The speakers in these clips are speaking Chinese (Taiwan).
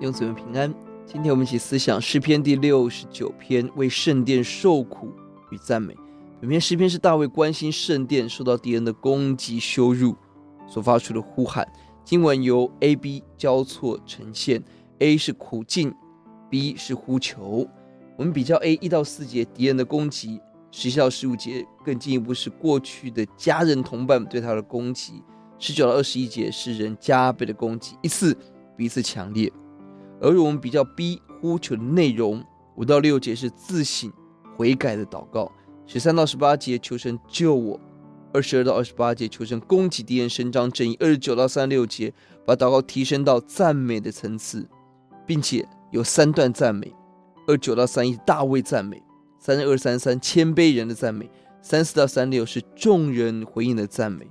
用嘴問平安。今天我們一起思想詩篇第六十九篇，為聖殿受苦與讚美。本篇詩篇是大衛關心聖殿受到敵人的攻擊羞辱所發出的呼喊。經文由 A B 交錯呈現，A 是苦境，B 是呼求。我們比較 A 一到四節，敵人的攻擊；十一到十五節更進一步是過去的家人同伴對他的攻擊；十九到二十一節是人加倍的攻擊，一次比一次強烈。而我們比較 B 呼求的內容，五到六節是自省悔改的禱告；十三到十八節求神救我；二十二到二十八節求神攻擊敵人，伸張正義；二十九到三十六節把禱告提升到讚美的層次，並且有三段讚美：二九到三一大衛讚美；三二三三謙卑人的讚美；三四到三六是眾人回應的讚美。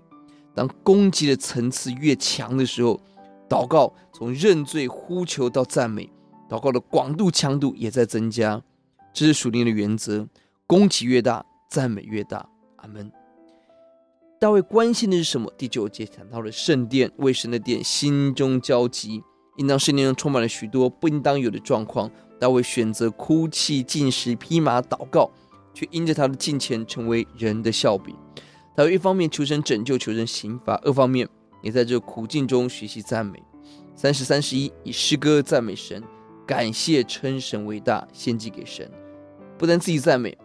當攻擊的層次越強的時候，禱告從認罪呼求到讚美，禱告的廣度強度也在增加，這是屬靈的原則。攻擊越大，讚美越大。阿門。大衛關心的是什麼？第九節講到了聖殿，為神的殿心中焦急。應當聖殿上充滿了許多不應當有的狀況。大衛選擇哭泣、禁食、披麻禱告，卻因着他的敬虔成為人的笑柄。他一方面求神拯救、求神刑罰，二方面。也在這苦境中學習讚美。三十三十一，以詩歌讚美神，感謝稱神為大，獻祭給神，不但自己讚美。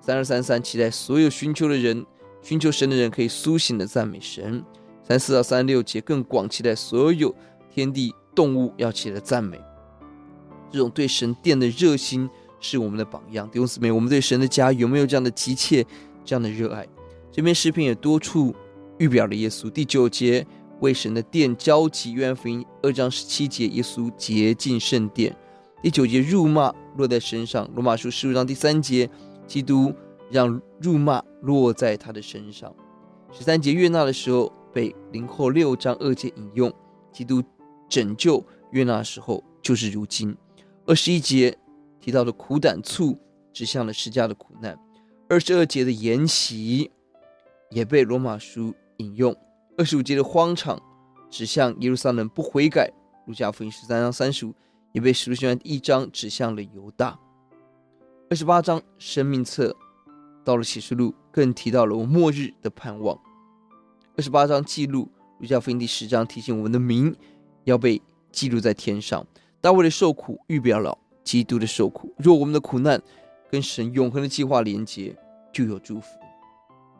三二三三，期待所有尋求的人、尋求神的人可以甦醒的讚美神。三四到三六節，更廣期待所有天地動物要起來讚美。這種對神殿的熱心是我們的榜樣。弟兄姊妹，我們對神的家有沒有這樣的急切、這樣的熱愛？這篇詩篇也多處。預表了耶穌。第九節為神的殿焦急。約翰福音二章十七節，耶穌潔淨聖殿。第九節辱罵落在身上。羅馬書十五章第三節，基督讓辱罵落在他的身上。十三節悅納的時候被林後六章二節引用，基督拯救悅納的時候就是如今。二十一節提到的苦膽醋指向了十架的苦難。二十二節的筵席也被羅馬書。引用二十五節的荒場，指向耶路撒冷不悔改。路加福音十三章三十五，也被使徒行傳一章指向了猶大。二十八章生命冊，到了啟示錄更提到了我末日的盼望。二十八章記錄，路加福音第十章提醒我們的名要被記錄在天上。大衛的受苦預表了基督的受苦。若我們的苦難跟神永恆的計劃連接，就有祝福。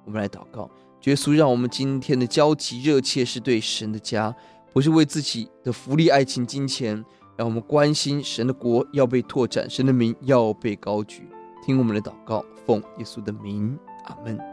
我們來禱告。耶穌，讓我們今天的焦急熱切是對神的家，不是為自己的福利、愛情、金錢。讓我們關心神的國要被拓展，神的名要被高舉。聽我們的禱告，奉耶穌的名，阿門。